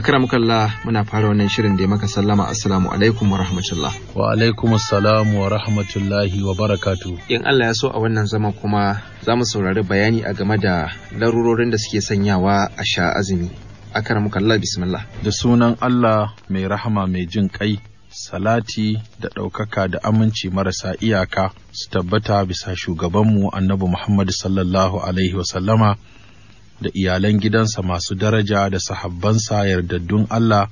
akramukallah muna fara wannan shirin da ya maka sallama assalamu alaikum wa rahmatullah wa alaikum assalam wa rahmatullahi wa barakatu in Allah ya so a wannan zaman kuma za mu saurari bayani a game da larurorin da suke sanyawa a sha azumi akramukallah bismillah da sunan Allah mai rahama mai jin kai salati da ɗaukaka da aminci marasa iyaka su tabbata bisa shugabanmu annabi Muhammad sallallahu alaihi wa sallama. da iyalan gidansa masu daraja da sahabbansa yardaddun Allah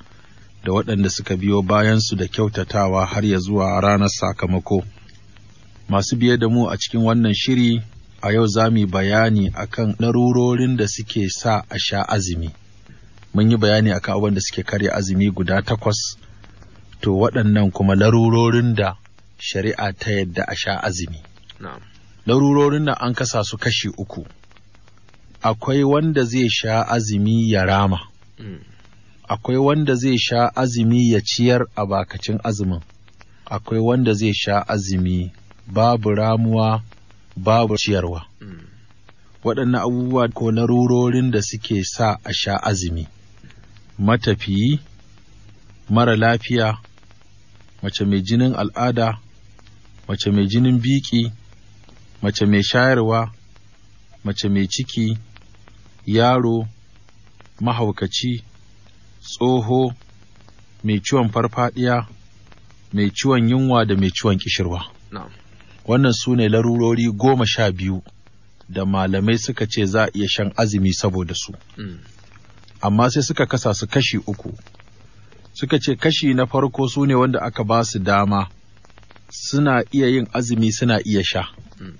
da waɗanda suka biyo bayansu da kyautatawa har ya zuwa ranar sakamako. Masu biye da mu a cikin wannan shiri a yau za mu bayani akan ɗarurorin da suke sa a sha azumi. Mun yi bayani akan abin da suke karya azumi guda takwas, to waɗannan kuma larurorin da shari'a ta yadda a sha azumi. Larurorin nan an kasa su kashi uku. akwai wanda zai sha azumi ya rama, mm. akwai wanda zai sha azumi ya ciyar a bakacin azumin, akwai wanda zai sha azumi babu ramuwa babu ciyarwa. Mm. Waɗannan abubuwa ko na rurorin da suke sa a sha azumi, matafiyi, mara lafiya, mace mai jinin al'ada, mace mai jinin biki, mace mai shayarwa, mace mai ciki, yaro, mahaukaci, tsoho, mai ciwon farfadiya, mai ciwon yunwa da mai ciwon kishirwa. Wannan su ne larurori goma sha biyu da malamai suka ce za a iya shan azumi saboda su. Mm. Amma sai suka kasa su kashi uku. Suka ce kashi na farko su ne wanda aka ba su dama, suna iya yin azumi suna iya sha. Mm.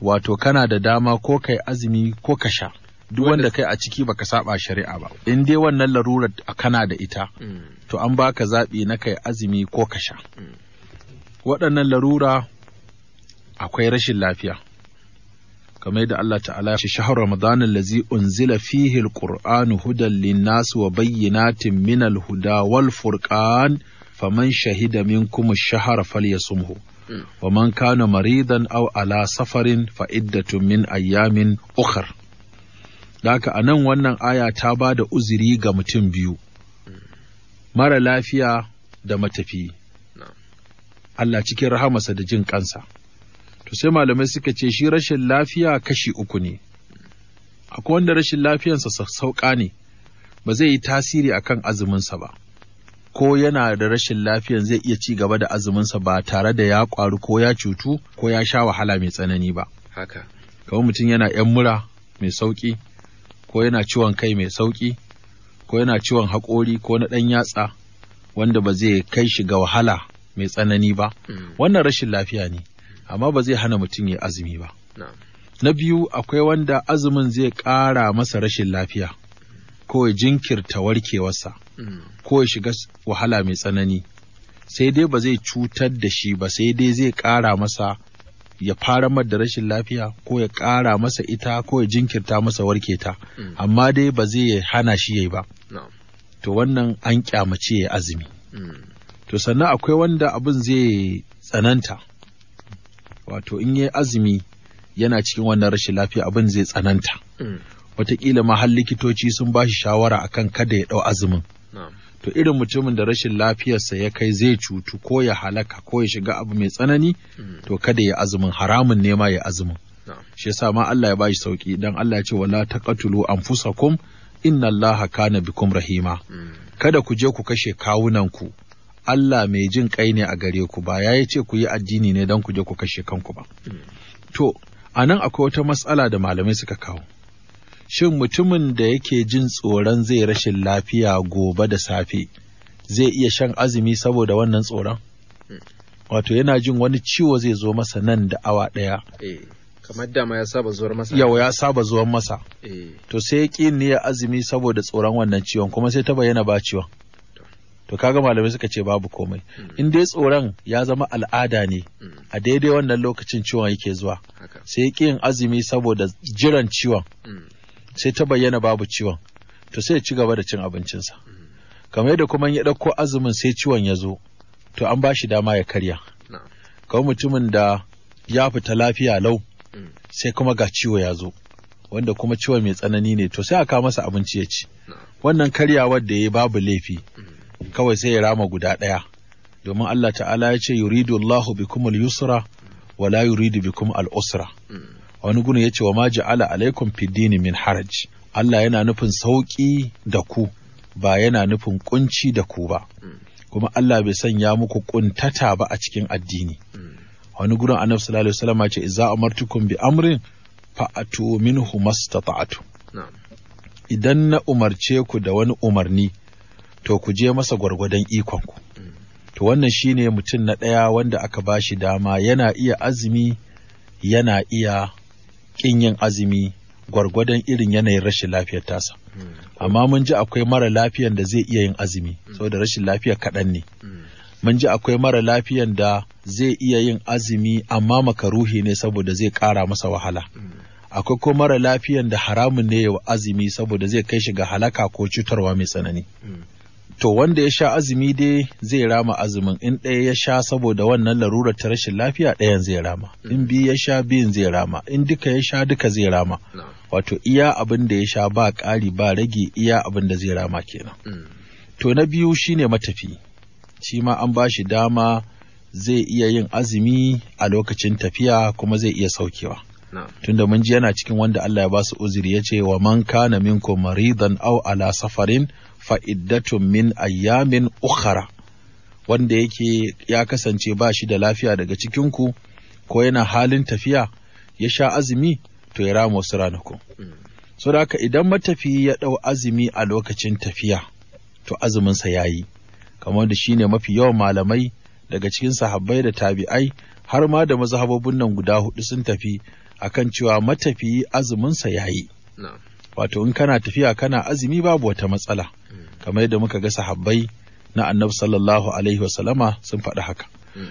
Wato kana da dama ko kai azumi ko ka sha. duk wanda kai a ciki baka saba shari'a ba in dai wannan larurar kana da ita mm. to an baka zaɓi na kai azumi ko ka sha mm. waɗannan larura akwai rashin lafiya kamar da Allah ta'ala shi shahar Ramadan allazi unzila fihi alquran hudan linnas wa bayyinatin min alhuda wal furqan faman shahida minkum ash shahr falyasumhu mm. wa man kana maridan aw ala safarin fa iddatun min ayyamin ukhra Daka a nan wannan aya ta ba da uzuri ga mutum biyu, mara lafiya da matafi. Allah cikin rahamarsa da jin kansa. To sai malamai suka ce shi rashin lafiya kashi uku ne. Akwai wanda rashin lafiyansa sauka ne, ba zai yi tasiri akan azuminsa ba. Ko yana da rashin lafiyan zai iya ci gaba da azuminsa ba tare da ya ƙwaru ko ya cutu ko ya sha wahala mai tsanani ba. Haka. Kamar mutum yana ‘yan mura mai sauƙi, ko yana ciwon kai mai sauƙi, ko yana ciwon haƙori ko na ɗan yatsa wanda ba zai kai shi ga wahala mai tsanani ba, hmm. wannan rashin lafiya ne, amma ba zai hana mutum ya azumi ba. Na biyu akwai wanda azumin zai ƙara masa rashin lafiya, ko ya jinkirta warkewarsa, hmm. ko ya shiga wahala mai tsanani, sai dai ba zai cutar da shi ba, sai dai zai ƙara masa ya fara da rashin lafiya ko ya ƙara masa ita ko ya jinkirta masa warke ta hmm. amma dai ba zai hana shi yayi ba to wannan an kyamace ya azumi hmm. to sannan akwai wanda abin zai tsananta wato in yi azumi yana cikin wannan rashin lafiya abin zai tsananta hmm. wataƙila ma likitoci sun ba shi shawara akan kada ya ɗau azumin to irin mutumin da rashin lafiyarsa ya kai zai cutu ko ya halaka ko ya shiga abu mai tsanani mm. to kada ya azumin haramun ne ma ya azumin shi yasa ma Allah ya bashi sauki dan Allah ya ce wala taqatulu anfusakum inna Allaha kana bikum rahima mm. kada ku je ku kashe kawunan ku Allah mai jin kai ne a gare ku ba ya ce ku yi addini ne dan ku je ku kashe kanku ba mm. to anan akwai wata matsala da malamai suka kawo shin mutumin da yake jin tsoron zai rashin lafiya gobe da safe zai iya shan azumi saboda wannan tsoron? Wato yana jin wani ciwo zai zo masa nan da awa ɗaya. Eh, kamar dama ya saba zuwar masa. Yau ya saba zuwar masa. Eh. To sai ya ƙi niyyar azumi saboda tsoron wannan ciwon kuma sai ta bayyana ba ciwon. To kaga malamai suka ce babu komai. Hmm. In dai tsoron ya zama al'ada ne hmm. a daidai wannan lokacin ciwon yake zuwa. Sai ya ƙi yin azumi saboda jiran ciwon. Hmm. sai ta bayyana babu ciwon to sai ya ci gaba da cin abincinsa kamar yadda kuma ya ɗauko azumin sai ciwon ya zo to an ba shi dama ya karya kamar mutumin da ya fita lafiya lau mm. sai kuma ga ciwo ya zo wanda kuma ciwon mai tsanani ne to sai aka masa abinci ya ci wannan karyawar da ya babu laifi mm. kawai sai ya rama guda ɗaya domin Allah ta'ala ya ce yuridu Allahu bikum al-yusra wa yuridu bikum al-usra mm. wani gurin ya ce wa ma ja'ala alaikum fiddini min haraj Allah yana nufin sauƙi da ku ba yana nufin ƙunci da ku ba kuma Allah bai sanya muku ƙuntata ba a cikin addini wani gurin annabi sallallahu alaihi wasallam ce idza amartukum bi amrin fa'atu minhu mastata'tu idan na umarce ku da wani umarni to ku je masa gwargwadon ikonku to wannan shine mutum na ɗaya wanda aka ba shi dama yana iya azumi yana iya ƙin yin azumi gwargwadon irin yanayin rashin lafiyar tasa amma mun ji akwai mara lafiyan da zai iya yin azumi saboda rashin lafiya kaɗan ne mun ji akwai mara lafiyan da zai iya yin azumi amma makaruhi ne saboda zai ƙara masa wahala akwai ko mara lafiyan da haramun ne wa azumi saboda zai kai shi ga halaka ko cutarwa mai tsanani to wanda ya sha azumi dai zai rama azumin in ɗaya ya sha saboda wannan larurar ta rashin lafiya ɗayan zai rama in mm. biyu ya sha biyun zai rama in duka ya sha duka zai rama wato iya abin da ya sha ba ƙari ba rage iya abin da zai rama kenan mm. to na biyu shine matafi shi ma an ba shi dama zai iya yin azumi a lokacin tafiya kuma zai iya saukewa tunda mun ji yana cikin wanda Allah ya ba su uzuri ya ce wa man kana minkum maridan aw ala safarin fa'iddatun min ayyamin ukhara wanda yake ya kasance ba shi da lafiya daga cikinku ko yana halin tafiya ya sha azumi to ya rama wasu ranakun. So da haka idan matafiyi ya ɗau azumi a lokacin tafiya to azuminsa ya yi, kamar da shi ne mafi yawan malamai daga cikin sahabbai da tabi'ai har ma da mazhabobin nan guda hudu sun tafi a kan cewa matafi azuminsa ya yi. Wato in kana tafiya kana azumi babu wata matsala. kamar yadda muka ga sahabbai na annabi sallallahu alaihi wasallama sun faɗi haka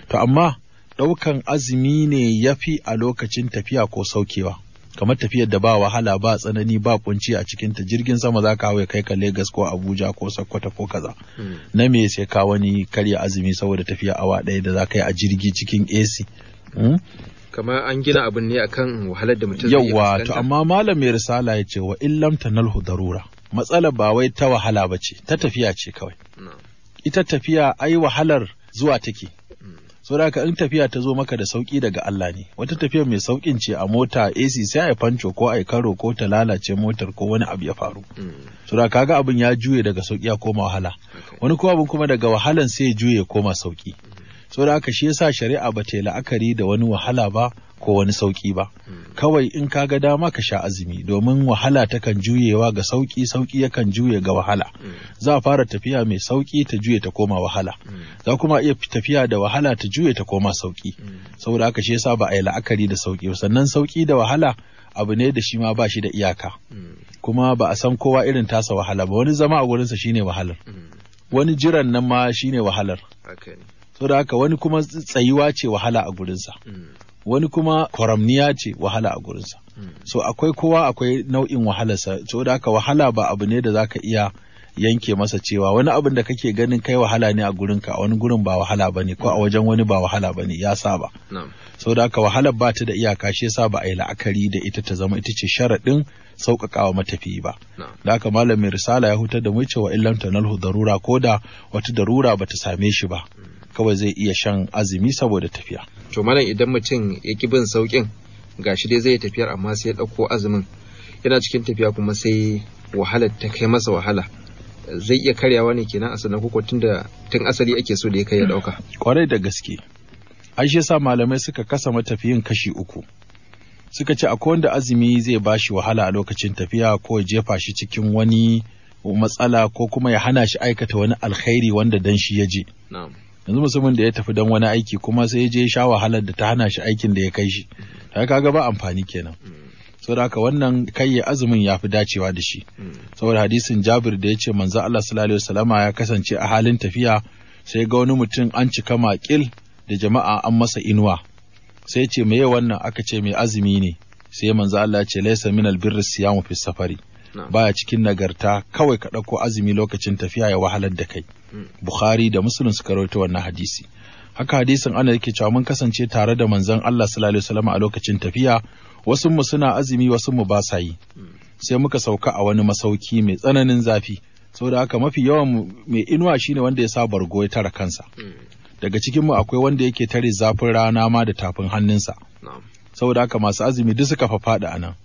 to amma ɗaukan azumi ne ya fi a lokacin tafiya ko saukewa kamar tafiyar da ba wahala ba tsanani ba kunci a cikin jirgin sama za ka hawa kai ka Legas ko Abuja ko Sokoto ko kaza hmm. na me sai ka wani karya azumi saboda tafiya awa ɗaya da za ka yi a jirgi cikin AC hmm? kamar an gina abin ne akan wahalar da mutum yawwa to amma malam mai risala ya ce wa illam tanalhu darura matsalar ba wai ta wahala ba ce ta tafiya ce kawai ita tafiya ai wahalar zuwa take saboda in tafiya ta zo maka da sauƙi daga Allah ne wata tafiya mai sauƙin ce a mota AC sai a yi fanco ko a yi karo ko ta lalace motar ko wani abu ya faru saboda kaga abin ya juye daga sauƙi ya koma wahala wani kuma abin kuma daga wahalan sai ya juye ya koma sauƙi saboda haka shi yasa shari'a ba ta la'akari da wani wahala ba ko wani sauki ba kawai in ka ga dama ka sha azumi domin wahala ta kan juyewa ga sauki sauki kan juye ga wahala za fara tafiya mai sauki ta juye ta koma wahala za kuma iya tafiya da wahala ta juye ta koma sauki saboda haka shi yasa ba a yi la'akari da sauki sannan sauki da wahala abu ne da shi ma ba shi da iyaka kuma ba a san kowa irin tasa wahala ba wani zama a gurinsa shine wahalar wani jiran nan ma shine wahalar so haka wani kuma tsayuwa ce wahala a gurinsa wani kuma kwaramniya ce wahala a gurinsa so akwai kowa akwai nau'in wahalarsa da haka wahala ba abu ne da zaka iya yanke masa cewa wani abin da kake ganin kai wahala ne a gurinka a wani gurin ba wahala ba ne ko a wajen wani ba wahala ba ne ya saba da haka wahalar ba ta da iyaka shi yasa ba a yi la'akari da ita ta zama ita ce sharaɗin sauƙaƙawa matafi ba da haka malamin risala ya hutar da mu cewa ta nalhu darura ko da wata darura ba ta same shi ba mm. kawai zai iya shan azumi saboda tafiya to malam idan mutum ya ki bin saukin gashi dai zai tafiyar amma sai ya ɗauko azumin yana cikin tafiya kuma sai wahala ta kai masa wahala zai iya karyawa ne kenan a koko tun da tun asali ake so da ya kai ya ɗauka kwarai da gaske an shi yasa malamai suka kasa matafiyin kashi uku suka ce akwai wanda azumi zai bashi wahala a lokacin tafiya ko ya jefa shi cikin wani matsala ko kuma ya hana shi aikata wani alkhairi wanda dan shi ya je. yanzu musamman da ya tafi don wani aiki kuma sai ya je sha wahalar da ta hana shi aikin da ya kai shi ta kaga ba amfani kenan saboda haka wannan kayye azumin ya fi dacewa da shi saboda hadisin jabir da ya ce manza Allah sallallahu alaihi wasallama ya kasance a halin tafiya sai ga wani mutum an cika makil da jama'a an masa inuwa sai ce meye wannan aka ce mai azumi ne sai manzo Allah ya ce laysa minal birri siyamu fi safari baya cikin nagarta kawai ka ɗauko azumi lokacin tafiya ya wahalar da kai hmm. bukhari da muslim suka rawaito wannan hadisi haka hadisin ana yake cewa mun kasance tare da manzon Allah sallallahu alaihi wasallam a lokacin tafiya wasu mu suna azumi wasu mu ba sa yi hmm. sai muka sauka a wani masauki mai tsananin zafi saboda haka mafi yawan mai inuwa shine wanda ya sa bargo ya tara kansa hmm. daga cikin mu akwai wanda yake tare zafin rana ma da tafin hannunsa saboda haka masu azumi duk suka fafaɗa a nan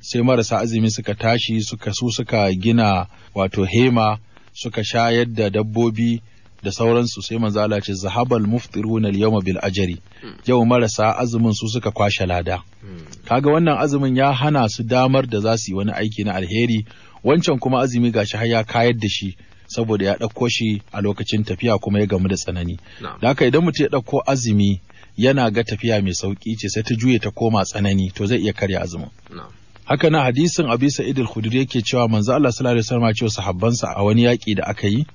sai marasa azumi suka tashi suka su suka gina wato hema suka shayar da dabbobi da sauransu sai maza Allah ce zahabal muftiruna al-yawma bil ajri yau marasa azumin su suka kwashe lada kaga wannan azumin ya hana su damar da za su yi wani aiki na alheri wancan kuma azumi gashi har ya kayar da shi saboda ya ɗauko shi a lokacin tafiya kuma ya gamu da tsanani da haka idan mutum ya ɗauko azumi yana ga tafiya mai sauƙi ce sai ta juye ta koma tsanani to zai iya karya azumin haka na hadisin abi sa'id al-khudri yake cewa manzo Allah sallallahu alaihi wasallam ya sahabbansa a wani yaƙi da aka yi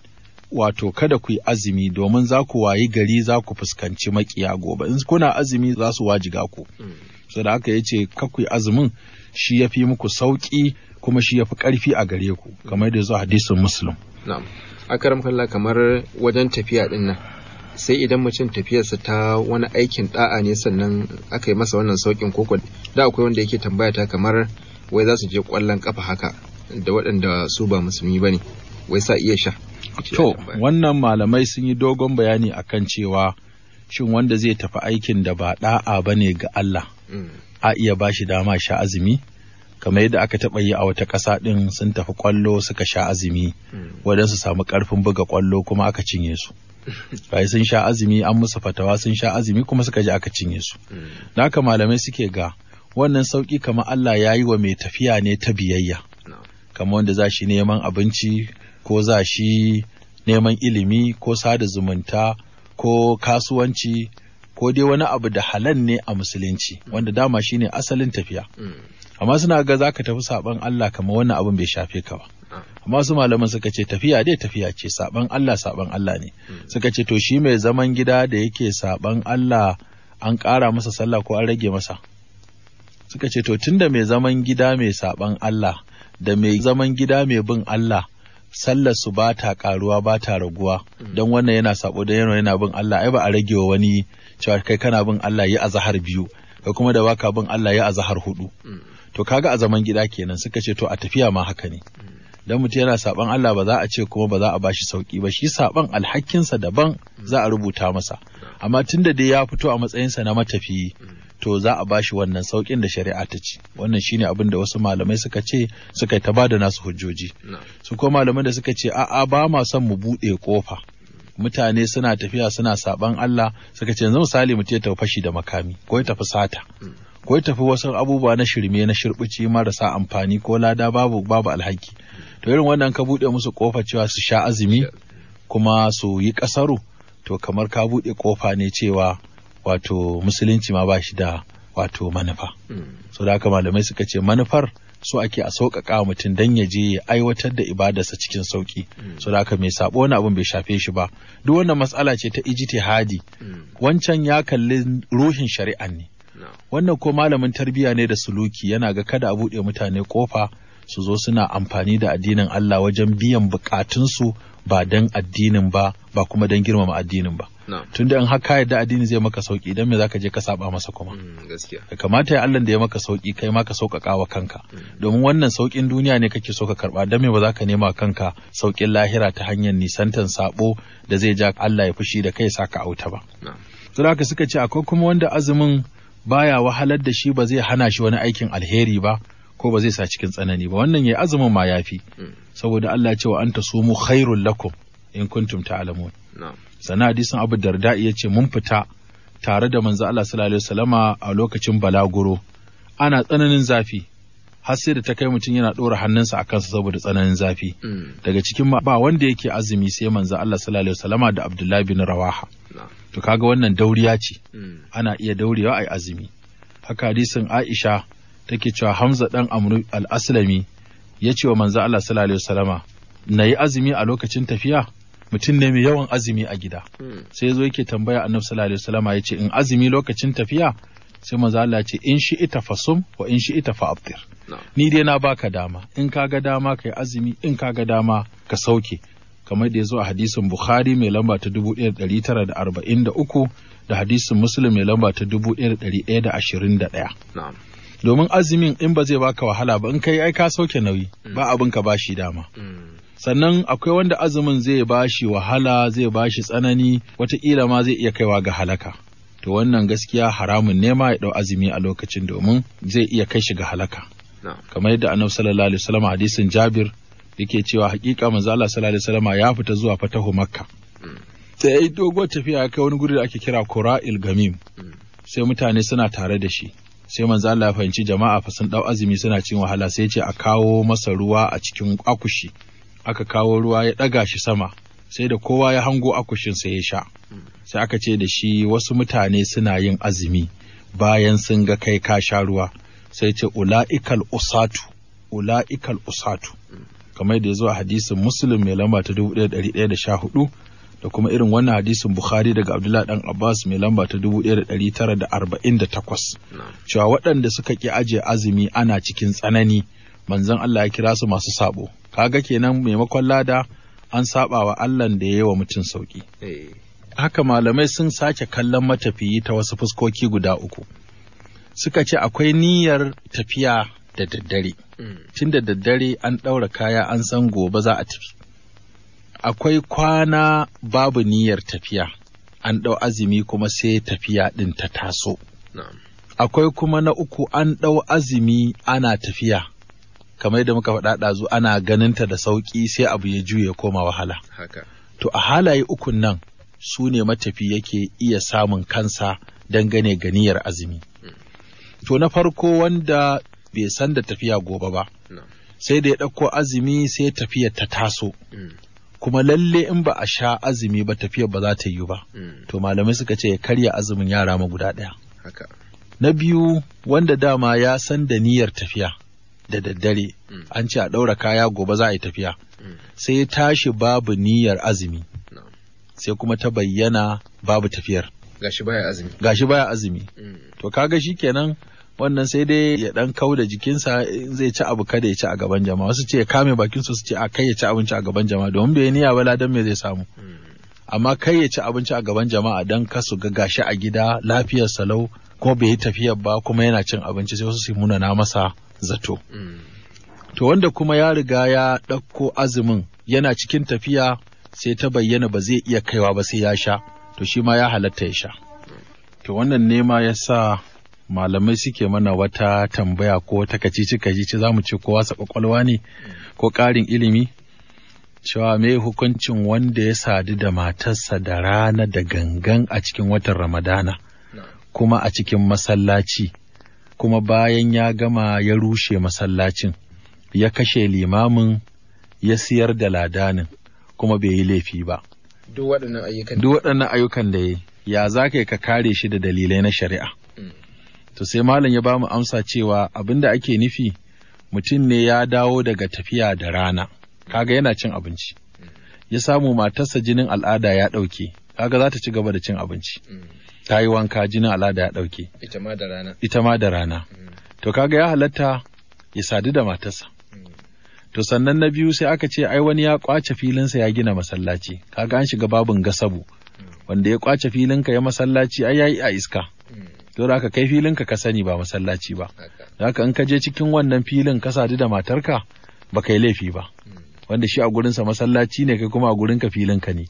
wato kada ku yi azumi domin za ku wayi gari za ku fuskanci makiya gobe in kuna azumi za su wajiga ku hmm. so da haka yace ka ku yi azumin shi yafi muku sauƙi kuma shi yafi karfi a gare ku kamar da zuwa hadisin muslim na'am akaram kallah kamar wajen tafiya din sai idan mutum tafiyarsa ta wani aikin da'a ne sannan aka yi masa wannan saukin koko da akwai wanda yake tambaya ta kamar wai za su je kwallon kafa haka da waɗanda su ba musulmi ba ne wai sa iya sha to wannan malamai sun yi dogon bayani akan cewa shin wanda zai tafi aikin da ba da'a ba ne ga Allah mm. a iya ba shi dama sha azumi kamar yadda aka taɓa yi a wata ƙasa ɗin sun tafi ƙwallo suka sha azumi mm. wadansu samu ƙarfin buga ƙwallo kuma aka cinye su bai sun sha azumi an musu fatawa sun sha azumi kuma suka ji aka cinye su da haka malamai suke ga wannan sauki kamar Allah ya yi wa mai tafiya ne ta biyayya kamar wanda za shi neman abinci ko za shi neman ilimi ko sada zumunta ko kasuwanci ko dai wani abu da halan ne a musulunci wanda dama shine asalin tafiya mm. amma suna ga za ka tafi saɓan Allah kamar wannan abin bai shafe ka ba amma su malaman suka ce tafiya dai tafiya ce saban Allah saban Allah ne hmm. suka ce to shi mai zaman gida da yake saban Allah an ƙara masa sallah ko an rage masa suka ce to tunda mai zaman gida mai saban Allah da mai zaman gida mai bin Allah sallar su ba ta karuwa ba ta raguwa hmm. don wannan yana sabo da yana yana bin Allah ai ba a rage wa wani cewa kai kana bin Allah yi azahar biyu kai kuma da baka bin Allah yi azahar hudu hmm. to kaga a zaman gida kenan suka ce to a tafiya ma haka ne dan mutum yana saban Allah ba za a ce kuma ba za a bashi sauki ba shi saban alhakinsa daban za a rubuta masa amma tunda dai ya fito a matsayinsa na matafi to za a bashi wannan saukin da shari'a ta ce wannan shine abin da wasu malamai suka ce suka yi ta bada nasu hujjoji su ko malaman da suka ce a'a ba ma son mu buɗe kofa mutane suna tafiya suna saban Allah suka ce yanzu misali mutum ya tafi fashi da makami ko ya tafi sata ko ya tafi wasu abubuwa na shirme na shirbici marasa amfani ko lada babu babu alhaki to irin wannan ka buɗe musu kofa cewa su sha azumi kuma su yi ƙasaru to kamar ka buɗe kofa ne cewa wato musulunci ma ba shi da wato manufa hmm. so da haka malamai suka ce manufar so ake a sauƙaƙa mutum dan ya je ya aiwatar da ibadarsa cikin sauƙi hmm. so da haka mai sabo wani abin bai shafe shi ba duk wannan matsala ce ta Ijiti Hadi. Hmm. wancan ya kalli ruhin shari'an ne wannan ko malamin tarbiyya ne da suluki yana ga kada a buɗe mutane kofa su zo suna amfani da addinin Allah wajen biyan bukatunsu ba don addinin ba ba kuma don girmama addinin ba tunda in haka yadda addini zai maka sauki idan me ka je ka saba masa kuma mm, gaskiya kamata ya Allah da ya maka sauki kai ma ka sauƙaƙa wa kanka mm. domin wannan saukin duniya ne kake so ka karba don me ba za ka nema kanka saukin lahira ta hanyar nisantan sabo da zai ja Allah ya fushi da kai sa ka auta ba no. ka suka ce akwai kuma wanda azumin baya wahalar da shi ba zai hana shi wani aikin alheri ba ko ba zai sa cikin tsanani ba wannan ya azumin ma yafi hmm. saboda Allah ya ce wa anta sumu khairul lakum in kuntum ta'lamun sana hadisin Abu Darda ya ce mun fita tare da manzo Allah sallallahu alaihi wasallama a lokacin balaguro ana tsananin zafi har sai da ta kai mutum yana ɗora hannunsa a kansa saboda tsananin zafi hmm. daga cikin ba wanda yake azumi sai manzo Allah sallallahu alaihi wasallama da abdullah bin Rawaha to kaga wannan dauriya ce hmm. ana iya daurewa ai azumi haka hadisin Aisha take cewa Hamza dan amru al-Aslami ya ce wa manzo Allah sallallahu alaihi wasallama nayi azumi a lokacin tafiya mutum ne mai yawan azumi a gida hmm. sai yazo yake tambaya Annabi sallallahu alaihi wasallama ya ce in azumi lokacin tafiya sai manzo Allah ce in shi ita fasum wa in shi ita fa'aftir ni dai na baka dama in ka ga dama kai azumi in ka ga dama ka sauke kamar da ya zo a hadisin Bukhari mai lamba ta 1943 da hadisin Muslim mai lamba ta 1121 domin azumin in ba zai baka wahala ba in kai ai ka sauke nauyi mm. ba abin ka bashi dama mm. sannan akwai wanda azumin zai bashi wahala zai bashi tsanani wataƙila ma zai iya kaiwa ga halaka to wannan gaskiya haramun nema ya ɗau azumi a lokacin domin zai iya kai shi ga halaka kamar yadda annabi sallallahu alaihi wasallam hadisin Jabir yake cewa hakika manzo Allah sallallahu alaihi wasallam ya fita zuwa fatahu Makka mm. sai ya yi doguwar tafiya kai wani guri da ake kira Kura'il Gamim sai mutane suna tare da shi sai manzo Allah ya fahimci jama'a fa sun dau azumi suna cin wahala sai ya ce a kawo masa ruwa a cikin akushi aka kawo ruwa ya daga shi sama sai da kowa ya hango akushin sai ya sha sai aka ce da shi wasu mutane suna yin azumi bayan sun ga kai ka sha ruwa sai ce ula'ikal usatu ula'ikal usatu kamar da ya zo a hadisin muslim mai lamba ta 1114 da kuma irin wannan hadisin Bukhari daga Abdullah dan Abbas mai lamba ta 1948 cewa waɗanda suka ki ajiye azumi ana cikin tsanani manzon Allah ya kira su masu sabo kaga kenan maimakon lada an saba wa Allah da yayi wa mutum sauki eh. haka malamai sun sake kallon matafiyi ta wasu fuskoki guda uku suka ce akwai niyyar tafiya da daddare mm. tun da daddare an ɗaura kaya an san gobe za a tafi akwai kwana babu niyyar tafiya an ɗau azumi kuma sai tafiya ɗin ta taso akwai kuma na uku an ɗau azumi ana tafiya kamar yadda muka faɗa ɗazu ana ganinta da sauƙi sai abu ya juye koma wahala to a halaye ukun nan su ne matafi yake iya samun kansa dangane ga niyyar azumi hmm. to na farko wanda bai san da tafiya gobe ba sai da ya ɗauko azumi sai tafiyar ta taso hmm. kuma lalle in ba a sha azumi ba tafiyar ba za ta yiwu ba hmm. to malamai suka ce ya karya azumin yara ma guda ɗaya na biyu wanda dama ya san da niyyar tafiya da daddare hmm. an ce a ɗaura kaya gobe za a yi tafiya hmm. sai ya tashi babu niyyar azumi sai kuma ta bayyana babu tafiyar gashi baya azumi gashi baya azumi to kaga kenan. wannan sai dai ya dan kau da jikinsa zai ci abu kada ya ci a gaban jama'a wasu ce ya kame bakin su ce a kai ya ci abinci a gaban jama'a domin bai niyya ba ladan me zai samu hmm. amma kai ya ci abinci a gaban jama'a dan su ga gashi a gida lafiyar salau kuma bai yi tafiyar ba kuma yana cin abinci sai wasu su na masa zato hmm. to wanda kuma ya riga ya ɗauko azumin yana cikin tafiya sai ta bayyana ba zai iya kaiwa ba sai ya sha to shi ma ya halatta ya sha hmm. to wannan nema ya sa malamai suke mana wata tambaya ko wata kacici kacici za mu ce kowa sa kwakwalwa ne ko ƙarin ilimi cewa me hukuncin wanda ya sadu da matarsa da rana da gangan a cikin watan ramadana kuma a cikin masallaci kuma bayan ya gama ya rushe masallacin ya kashe limamin ya siyar da ladanin kuma bai yi laifi ba duk waɗannan ayyukan da ya ya za ka kare shi da dalilai na shari'a hmm. to sai malam ya ba mu amsa cewa abin da ake nufi mutum ne ya dawo daga tafiya da rana kaga yana cin abinci ya samu matarsa jinin al'ada ya ɗauke kaga za ta ci gaba da cin abinci ta yi wanka jinin al'ada ya ɗauke ita ma da rana to kaga ya halatta ya sadu da matarsa to sannan na biyu sai aka ce ai wani ya kwace filinsa ya gina masallaci kaga an shiga babin gasabu wanda ya kwace filinka ya masallaci ai yi a iska to da ka kai filinka ka sani ba masallaci ba haka in ka je cikin wannan filin ka sadu da matarka ba kai laifi ba wanda shi a gurinsa masallaci ne kai kuma a gurin ka filin ka ne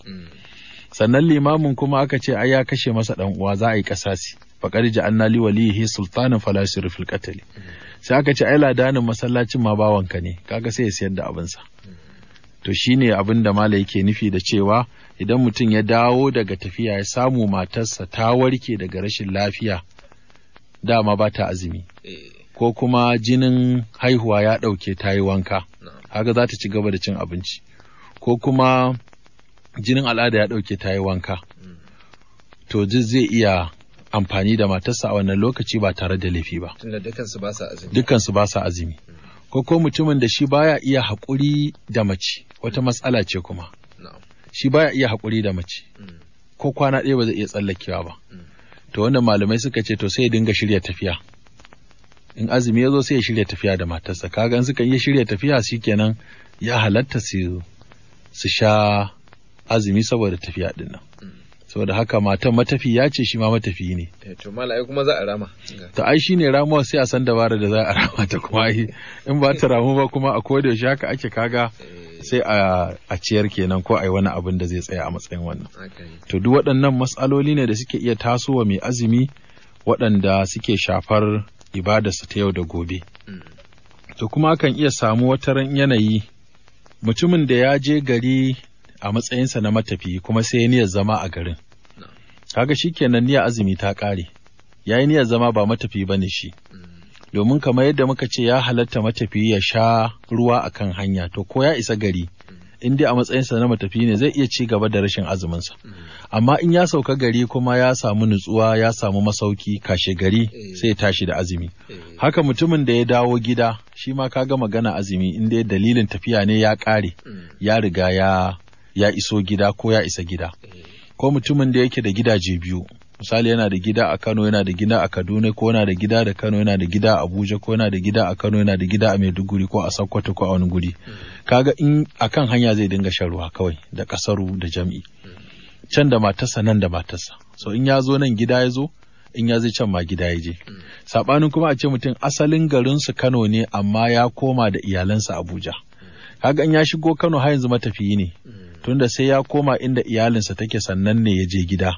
sannan limamin kuma aka ce ai ya kashe masa dan uwa za a yi kasasi faqad ja'alna li walihi sultanan fala yusrif fil qatl sai aka ce ai ladanin masallacin ma bawanka ne kaga sai ya sayar da abinsa to shine abin da malai yake nufi da cewa idan mutum ya dawo daga tafiya ya samu matarsa ta warke daga rashin lafiya dama ba ta azumi ko kuma jinin haihuwa ya ɗauke ta yi wanka haka za ta ci gaba da cin abinci ko kuma jinin al'ada ya ɗauke ta yi wanka mm. to zai iya amfani da matarsa a wannan lokaci ba tare da laifi ba dukansu ba sa azumi mm. ko ko mutumin da shi baya iya haƙuri da mace wata matsala ce kuma shi baya iya haƙuri da mace mm. ko kwana ɗaya ba zai iya tsallakewa ba to wanda malamai suka ce to sai ya dinga shirya tafiya in azumi ya zo sai ya shirya tafiya da matarsa kaga in suka iya shirya tafiya shikenan ya halatta su su sha azumi saboda tafiya dinnan. saboda haka matan matafi ya ce shi ma matafi ne eh, to malai kuma za a rama to ai shine ramuwa sai a san dabara da za a rama ta kuma in ba ta ramu ba kuma a koda yaushe haka ake kaga sai a ciyar kenan ko a wani abin da zai tsaya a matsayin wannan to duk waɗannan matsaloli ne da suke iya tasowa mai azumi waɗanda suke shafar ibadarsa ta yau da gobe mm. to kuma kan iya samu wata yanayi mutumin da ya je gari a matsayinsa na matafi kuma sai ya niyyar zama a garin. Kaga shi kenan niyyar azumi ta ƙare, ya yi niyyar zama ba matafi ba ne shi. Domin kamar yadda muka ce ya halatta matafi ya sha ruwa a kan hanya, to ko ya isa gari, in dai a matsayinsa na matafi ne zai iya ci gaba da rashin azuminsa. Amma in ya sauka gari kuma ya samu nutsuwa ya samu masauki kashe gari sai ya tashi da azumi. Haka mutumin da ya dawo gida shi ma kaga magana azumi in dai dalilin tafiya ne ya ƙare ya riga ya ya iso gida ko ya isa gida. Ko mutumin da yake da gidaje biyu, misali yana da gida a Kano yana da gida a Kaduna ko yana da gida da Kano yana da gida a Abuja ko yana da gida a Kano yana da gida a Maiduguri ko a Sokoto ko a wani guri. Kaga in akan hanya zai dinga shan ruwa kawai da kasaru da jam'i. Can da matarsa nan da matarsa. So in ya zo nan gida ya zo in ya zai can ma gida ya je. Saɓanin kuma a ce mutum asalin garin su Kano ne amma ya koma da iyalansa Abuja. Kaga in ya shigo Kano har yanzu matafiyi ne. tunda sai ya koma inda iyalinsa take sannan ne ya je gida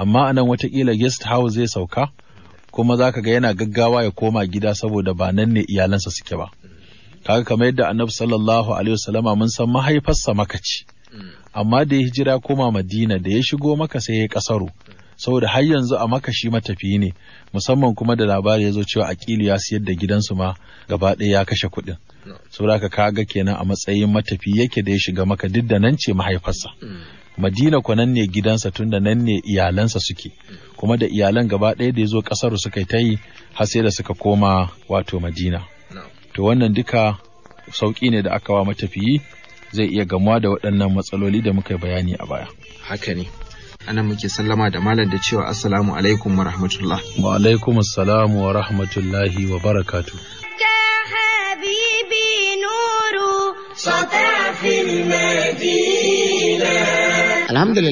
amma a nan watakila guest house zai sauka kuma za ka ga yana gaggawa ya koma gida saboda ba nan ne iyalansa suke ba kaga kamar yadda annabi sallallahu alaihi wasallama mun san mahaifarsa makaci mm. amma da ya hijira koma madina da ya shigo maka sai ya kasaro saboda har yanzu a makashi matafi matafiyi ne musamman kuma da labari ya zo cewa akilu ya siyar da gidansu ma gaba ɗaya ya kashe kuɗin saboda ka kaga kenan a matsayin matafi yake da ya shiga maka duk da nan ce mahaifarsa hmm. madina ko nan ne gidansa tun da nan ne iyalansa suke hmm. kuma da iyalan gaba ɗaya da ya zo ƙasar suka ta yi har sai da suka koma wato madina to wannan duka sauƙi ne da aka wa matafiyi zai iya gamuwa da waɗannan matsaloli da muka bayani a baya haka ne ana muke sallama da malam da cewa assalamu alaikum wa rahmatullah wa alaikum assalam wa rahmatullahi wa barakatuh ya habibi nuru sata fil madina alhamdulillah